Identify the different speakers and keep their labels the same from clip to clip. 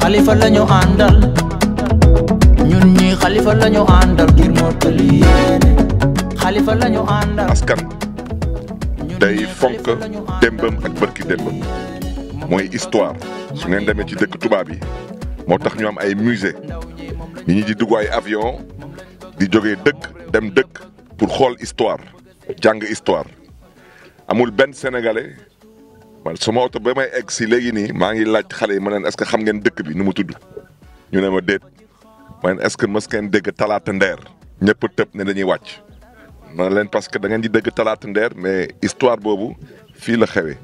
Speaker 1: xalifa la ñu
Speaker 2: day fonk démbam ak bërki démbam mooy histoire su ngeen demee ci dëkk tubaab yi moo tax ñu am ay musée nit ñi di dugg ay avion di jógee dëkk dem dëkk pour xool histoire jàng histoire amul benn sénégalais man sama oto ba may egg si léegi nii maa ngi laaj xale yi ma leen est-ce que xam ngeen dëkk bi nu mu tudd ñu ne ma déet ma neen est-ce que mës ngeen dégg talaata ndeer ñëpp tëb ne dañuy wàcc ma leen parce que da di dégg talaata ndeer mais histoire boobu fii la xewee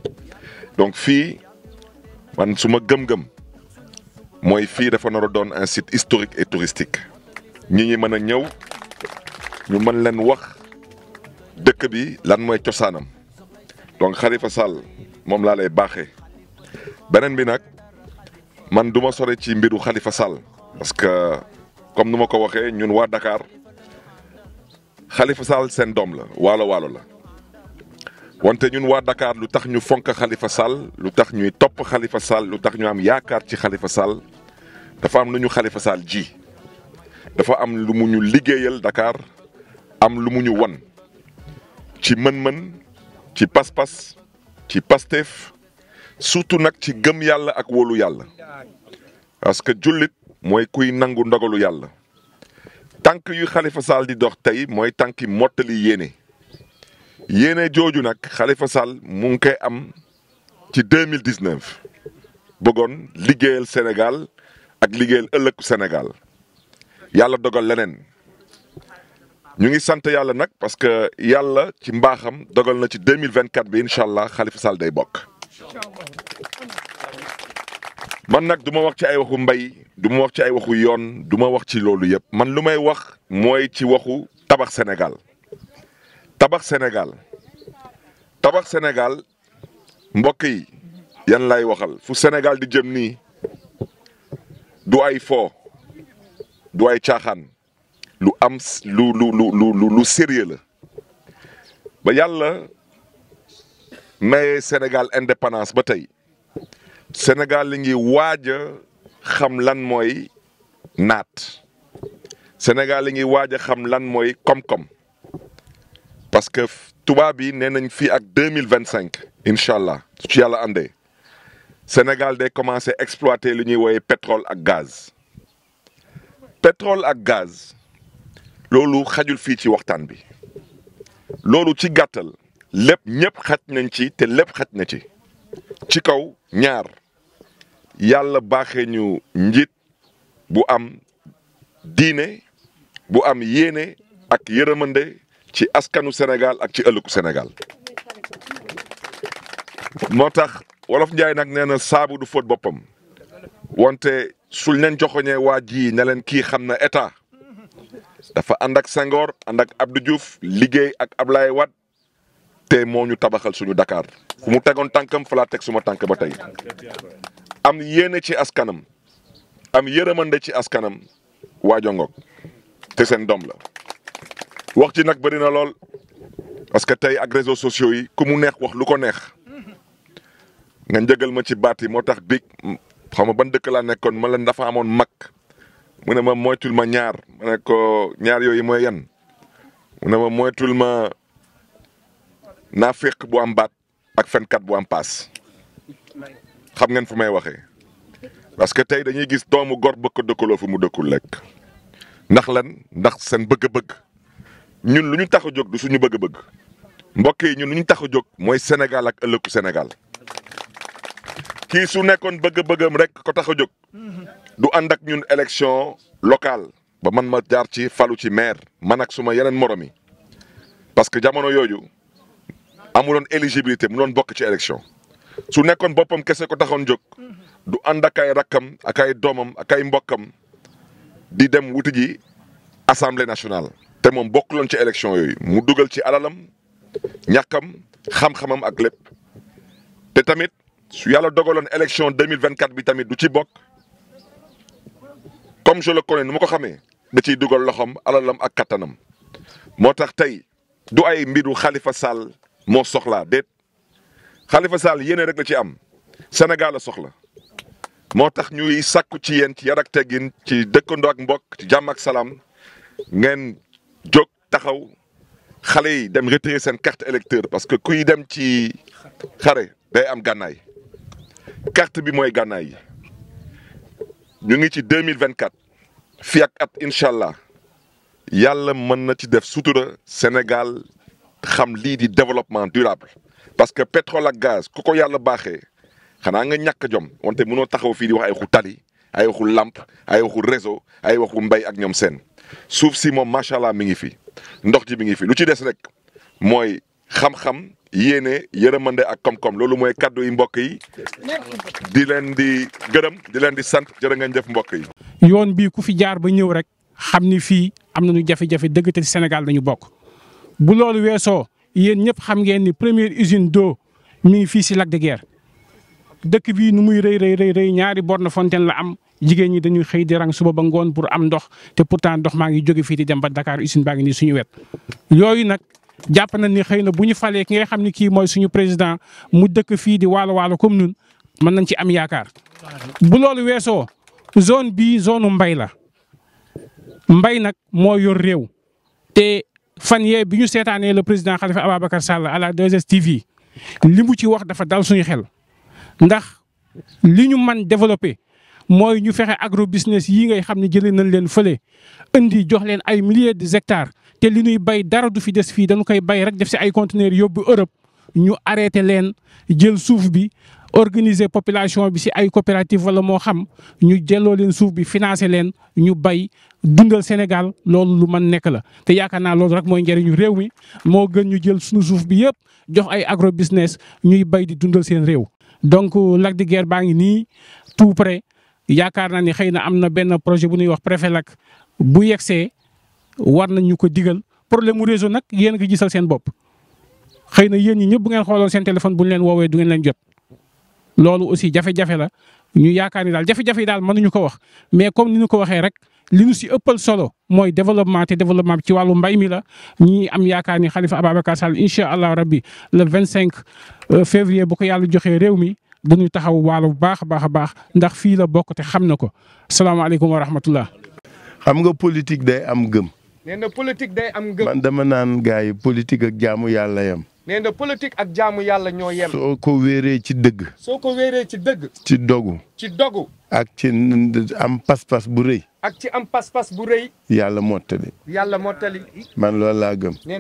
Speaker 2: donc fii man suma ma gëm-gëm mooy fii dafa nar a doon un site historique et touristique ñi ñi mën a ñëw ñu mën leen wax dëkk bi lan mooy cosaanam donc Khalifa Sall moom laa lay baaxee beneen bi nag man duma sore ci mbiru xalifa Sall parce que comme nu ma ko waxee ñun waa dakaar Khalifa Sall seen doom la waalo waalo la wante ñun waa dakaar lu tax ñu fonk Khalifa Sall lu tax ñuy topp xalifa Sall lu tax ñu am yaakaar ci xalifa Sall dafa am lu ñu Khalifa Sall ji dafa am lu mu ñu liggéeyal dakaar am lu mu ñu won ci mën-mën ci pas-pas ci Pastef surtout nag ci gëm yàlla ak wóolu yàlla parce que jullit mooy kuy nangu ndogalu yàlla tànk yu Khalifa di dox tey mooy tànki mottali yéene yéene jooju nag Khalifa Sall mu ngi koy am ci deux mille dix neuf bëggoon liggéeyal Sénégal ak liggéeyal ëllëg Sénégal yàlla dogal leneen. ñu ngi sant yàlla nag parce que yàlla ci mbaaxam dogal na ci 2024 bi incha allah Khalifa Sall day bokk. man nag duma wax ci ay waxu mbay du ma wax ci ay waxu yoon du ma wax ci loolu yëpp man lu may wax mooy ci waxu tabax senegal tabax senegal tabax senegal mbokk yi yan lay waxal fu Sénégal di jëm nii du ay fo du ay caaxaan. lu am lu lu lu sérieux la ba yàlla maye Sénégal indépendance ba tey Sénégal li ngi waaj a xam lan mooy naat Sénégal li ngi waaj a xam lan mooy koom-koom parce que tubaab yi nee nañ fii ak deux mille vingt cinq incha allah su ci yàlla àndee Sénégal day commencé exploiter li ñuy wooye pétrole ak gaz pétrole ak gaz. loolu xajul fii ci waxtaan bi loolu ci gàttal lépp ñëpp xaj nañ ci te lépp xaj na ci ci kaw ñaar yàlla baaxee ñu njiit bu am diine bu am yéene ak yërëmande ci askanu Sénégal ak ci ëllëgu Sénégal moo tax wolof Njaay nag nee na saabu du fóot boppam wante su leen joxoñee waa ji ne leen kii xam na état dafa ànd ak sengoor ànd ak Abdou juuf liggéey ak Ablaye Wade te moo ñu tabaxal suñu Dakar fu mu tegoon tànkam fa laa teg suma tànk ba tey am yéene ci askanam am yërëmande ci askanam waa Jongoog te seen doom la wax ci nag bëri na lool parce que tey ak réseaux sociaux yi ku mu neex wax lu ko neex nga njëgal ma ci baat yi moo tax biig xam ma ban dëkk laa nekkoon ma leen dafa amoon mag mu ne ma moytul ma ñaar ma ne ko ñaar yooyu mooy yan mu ne ma moytul ma naafiq bu am baat ak fenkat bu am paas xam ngeen fu may waxee parce que tey dañuy gis toomu gor bëgg ko dëkkaloo fu mu dëkkul lekk ndax lan ndax seen bëgg-bëgg ñun lu ñu tax a jóg du suñu bëgg-bëgg mbokk yi ñun lu ñu tax a jóg mooy Sénégal ak ëllëgu senegal kii su nekkoon bëgg-bëggam rek ko tax a jóg du ànd ak ñun élection locale ba man ma jaar ci falu ci maire man ak suma yeneen morom yi parce que jamono yooyu amuloon éligibilité mu doon bokk ci élection su nekkoon boppam kese ko taxoon jog du ànd ak ay rakkam ak ay doomam ak ay mbokkam di dem wuti ji assemblée nationale. te moom bokkuloon ci élection yooyu mu dugal ci alalam ñàkkam xam-xamam ak lépp te tamit su yàlla dogaloon élection 2024 bi tamit du ci bokk. comme je ko connais nu ma ko xamee da ciy dugal loxoom alalam ak kattanam moo tax tey du ay mbiru Khalifa Sall moo soxlaa déet Khalifa Sall yéene rek la ci am Sénégal la soxla moo tax ñuy sàkku ci yéen ci yar ak teggin ci dëkkandoo ak mbokk ci jàmm ak salaam ngeen jog taxaw xale yi dem retirer seen carte électeur parce que kuy dem ci xare day am gànnaay carte bi mooy gànnaay yi ñu ngi ci deux mille vingt quatre fii ak at incha allah yàlla mën na ci def sutura Sénégal xam lii di développement durable. parce que pétrole ak gaz ku ko yàlla baaxee xanaa nga ñàkk jom wante mënoo taxaw fii di wax ay waxu tali ay waxu lampe ay waxu réseau ay waxu mbay ak ñoom seen suuf si moom macha allah mi ngi fi ndox ci mi ngi fi lu ci des rek mooy xam-xam. yéene yërëmande ak koom-koom loolu mooy kaddu yi mbokk yi di leen di gërëm di leen di sant jërë ngeen jëf mbokk yi.
Speaker 1: yoon bii ku fi jaar ba ñëw rek xam ni fii am nañu jafe-jafe dëgg te Sénégal dañu bokk bu loolu weesoo yéen ñëpp xam ngeen ni première usine do mi ngi fii si Lac de Guiers dëkk bii nu muy rëy rëy rëy ñaari borne fontaine la am jigéen ñi dañuy xëy di rang suba ba ngoon pour am ndox te pourtant ndox maa ngi jóge fii di dem ba Dakar usine baa ngi nii suñu wet yooyu jàpp nañ ni xëy na bu ñu falee ki ngay xam ni kii mooy suñu président mu dëkk fii di waalo waalo comme nun mën nañ ci am yaakaar bu loolu weesoo zone bii zone mbay la mbay nag moo yor réew te fan yee bi ñu seetaanee le président Khalifa Ababacar Sall à la 2STV li mu ci wax dafa dal suñu xel ndax li ñu man développé mooy ñu fexe agro business yii ngay xam ne jële nañ leen fële indi jox leen ay milliers de hectares te li ñuy bay dara du fi des fii dañu koy bay rek def si ay conteneurs yóbbu Europe ñu arrêté leen jël suuf bi organiser population bi si ay coopérative wala moo xam ñu jëloo leen suuf bi financé leen ñu bay dundal Sénégal loolu lu mën nekk la. te yaakaar naa loolu rek mooy njëriñu réew mi moo gën ñu jël suñu suuf bi yëpp jox ay agro business ñuy bay di dundal seen réew. donc Lac de Guiers baa ngi nii tout pre yaakaar naa ni xëy na am na benn projet bu ñuy wax préfet Lac bu yegsee war nañ ñu ko digal problème mu réseau nag yéen a ngi gisal seen bopp xëy na yéen ñi ñëpp bu ngeen xooloon seen téléphone bu ñu leen woowee du ngeen leen jot. loolu aussi jafe-jafe la ñu yaakaar ni daal jafe-jafe yi daal mënuñu ko wax mais comme ni ñu ko waxee rek li ñu si ëppal solo mooy développement te développement bi ci wàllu mbay mi la ñi am yaakaar ni Khalifa Ababacar Sall incha allah rabbi le cinq euh, février bu ko yàlla joxee réew mi. bu ñu taxaw waalo bu baax a baax a baax ndax fii la bokk xam na ko salaamaaleykum wa rahmatullah
Speaker 3: xam nga politique day am gëm.
Speaker 1: nee na politique day am ngëm.
Speaker 3: man dama naan gars yi politique ak jaamu yàlla yam
Speaker 1: nee na politique ak jaamu yàlla ñoo yem. soo
Speaker 3: ko wéeree ci dëgg.
Speaker 1: soo ko ci dëgg. ci dogu. ci dogu.
Speaker 3: ak ci am pas-pas bu rëy.
Speaker 1: ak ci am pas-pas bu rëy.
Speaker 3: yàlla mottali.
Speaker 1: yàlla mottali.
Speaker 3: man loolu laa gëm. nee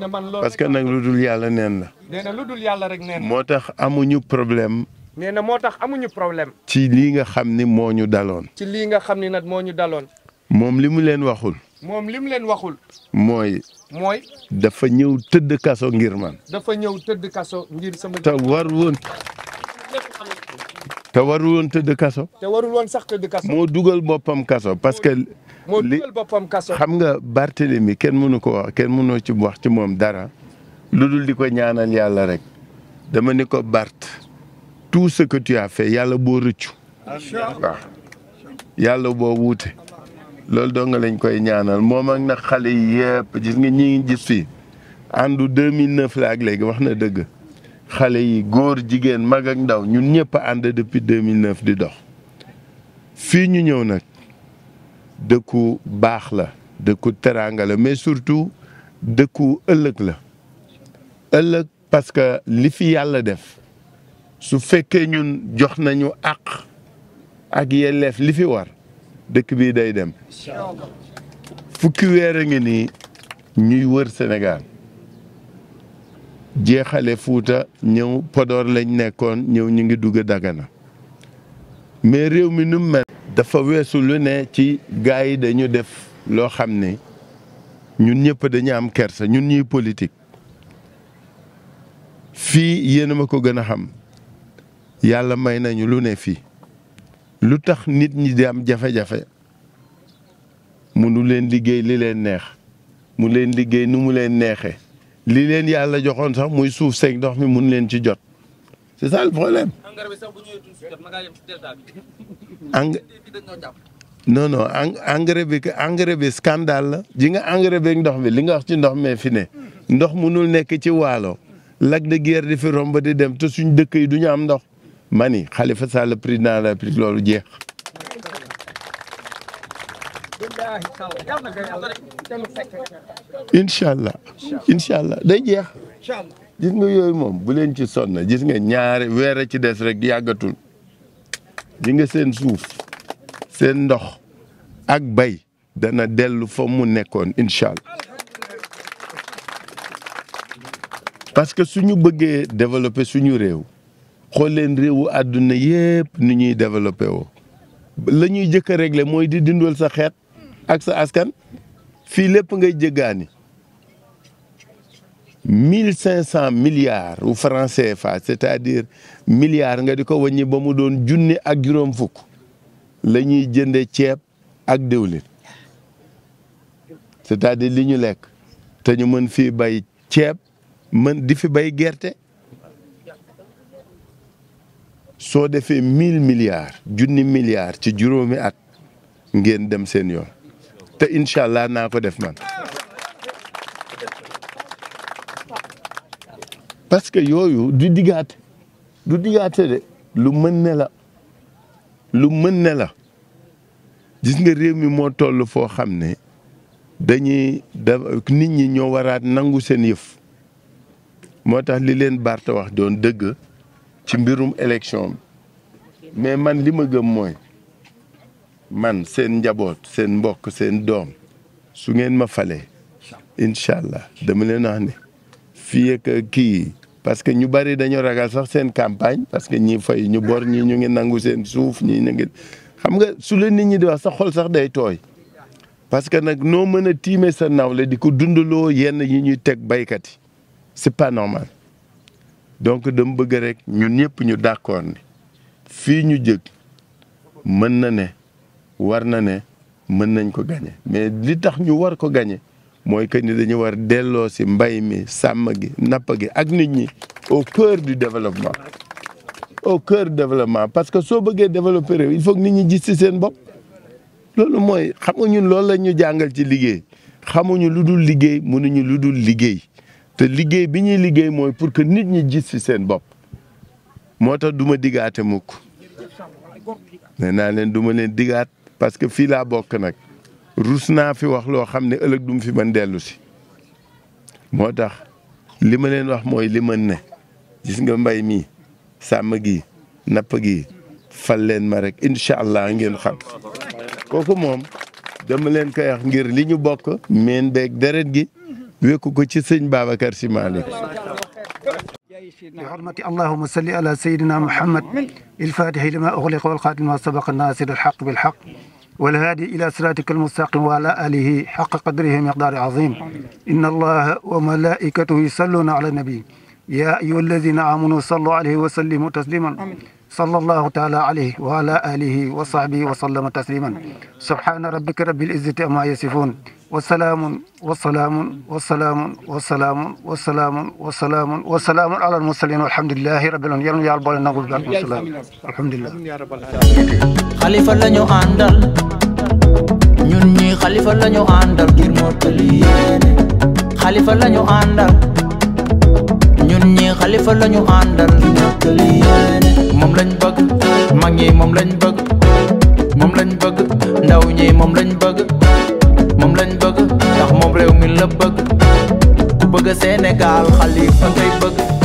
Speaker 3: que nag lu dul yàlla neen la.
Speaker 1: na yàlla rek moo
Speaker 3: tax amuñu problème.
Speaker 1: nee na moo tax amuñu problème.
Speaker 3: ci lii nga xam ni moo ñu daloon.
Speaker 1: ci lii nga xam ni nag moo ñu daloon.
Speaker 3: moom li mu leen waxul.
Speaker 1: moom lim leen waxul. mooy. mooy.
Speaker 3: dafa ñëw tëdd kaso ngir man.
Speaker 1: dafa ñëw tëdd kaso ngir sama.
Speaker 3: war woon. te war woon tëdd kaso.
Speaker 1: te warul woon sax tëdd
Speaker 3: moo dugal boppam kaso parce que. moo boppam kaso xam nga Barthélemy kenn mënu ko wax kenn mënoo ci wax ci moom dara. lu dul di ko ñaanal yàlla rek. dama ni ko bart tout ce que tu yàlla boo rëccu. yàlla boo wuute. loolu doo nga lañ koy ñaanal moom ak nag xale yëpp gis nga ñi ngi gis fii àndu 2009 la ak léegi wax na dëgg xale yi góor jigéen mag ak ndaw ñun ñëpp ànd depuis 2009 di dox fii ñu ñëw nag dëkku baax la dëkku teraanga la mais surtout dëkku ëllëg la ëllëg parce que li fi yàlla def su fekkee ñun jox nañu àq ak yelleef li fi war dëkk bii day dem fukki weer a ngi nii ñuy wër senegal jeexale Fuuta ñëw Podor lañ nekkoon ñëw ñu ngi dugg daggana mais réew mi nu mel dafa weesu lu ne ci gars yi dañu def loo xam ne ñun ñëpp dañu am kersa ñun ñuy politique fii yéen ma ko gën a xam yàlla may nañu lu ne fii lu tax nit ñi di am jafe-jafe munu leen liggéey li leen neex mu leen liggéey nu mu leen neexee li leen yàlla joxoon sax muy suuf seeg ndox mi mun leen ci jot c'est ça le problème. engrais non non engrais bi engrais bi scandale ji nga engrais beeg ndox mi li nga wax ci ndox mee fi ne ndox munul nekk ci waalo Lac de Guiers di fi romb di dem te suñ dëkk yi du ñu am ndox. ma ni Khalifa Sall président de la pris loolu jeex incha allah incha allah day jeex gis nga yooyu moom bu leen ci sonn gis nga ñaari weer a ci des rek yàggatul gis nga seen suuf seen ndox ak bay dana dellu fa mu nekkoon incha allah parce que suñu bëggee développer suñu réew xool leen réewu àdduna yépp nu ñuy développé woo la ñuy jëkk a mooy di dindool sa xeet ak sa askan fii lépp ngay jéggaani mille cinq cent milliards u franc fa c'est-à-dire milliards nga di ko waññi ba mu doon junni ak juróom fukk la ñuy jënde ceeb ak diwlin c'est-à-dire li ñu lekk te ñu mën fii bay ceeb mën di fi bay gerte soo defee mille milliards junni milliards ci juróomi at ngeen dem seen yoon te incha allah naa ko def man. parce que yooyu du diggaate du diggaate de lu mën ne la lu mën ne la gis nga réew mi moo toll foo xam ne dañuy da nit ñi ñoo waraat nangu seen yëf moo tax li leen barte wax doon dëgg. ci mbirum élection mais man li ma gëm mooy man seen njaboot seen mbokk seen doom su ngeen ma falee incha allah dama leen wax ne fii ak kii parce que ñu bari dañoo ragal sax seen campagne parce que ñi fay ñu bor ñi ñu ngi nangu seen suuf ñi ñu ngi xam nga su leen nit ñi di wax sax xol sax day tooy parce que nag noo mën a tiime sa nawle di ko dundaloo yenn yi ñuy teg baykat yi c'est pas normal donc dama bëgg rek ñun ñëpp ñu d'accord ni fii ñu jëg mën na ne war na ne mën nañ ko gañe mais li tax ñu war ko gañe mooy que ni dañu war delloo si mbay mi sàmm gi napp gi ak nit ñi au cœur du développement au cœur du parce que soo bëggee développer réew il faut que nit ñi gis ci seen bopp loolu mooy xam nga ñun loolu la ñu jàngal ci liggéey xamuñu lu dul liggéey mun mënuñu lu dul liggéey te liggéey bi ñuy liggéey mooy pour que nit ñi gis fi seen bopp moo tax duma digaate mukk ne naa leen du ma leen digaat parce que fii laa bokk nag rus naa fi wax loo xam ne ëllëg dum fi mën dellusi moo tax li ma leen wax mooy li mën ne gis nga mbay mi sàmm gi napp gi fal leen ma rek incha allah ngeen xam kooku moom dama leen koy wax ngir li ñu bokk meen beeg deret gi wékku ko ci sëñ Babacar Sy Malick بحرمة اللهم صل على سيدنا محمد الفاتح لما أغلق والخاتم لما سبق الناصر الحق بالحق والهادي إلى صراطك المستقيم وعلى آله حق قدره مقدار عظيم إن الله وملائكته يصلون على النبي يا أيها الذين آمنوا صلوا عليه وسلموا تسليما sallallahu taala alayhi wa ala alihi wa sahbihi wa sallama tasliman subhana rabbika rabbil izzati amma yasifun wa salaamun wa salaamun wa salaamun wa salaamun wa salaamun wa salaamun wa salaamun ala almursalin walhamdulilahi
Speaker 1: rabbil alamin yàlla yàlla boole nangul barkum salaam alhamdulilah xalifa la ñu àndal ñun ñi xalifa la ñu àndal ngir mottali yéene xalifa la ñu àndal ñun ñi xalifa la ñu àndal ngir mottali yéene moom lañ bëgg mag ñi moom lañ bëgg moom lañ bëgg ndaw ñi moom lañ bëgg moom lañ bëgg ndax moom réew mi la bëgg ku bëgg Sénégal Khalifa ngay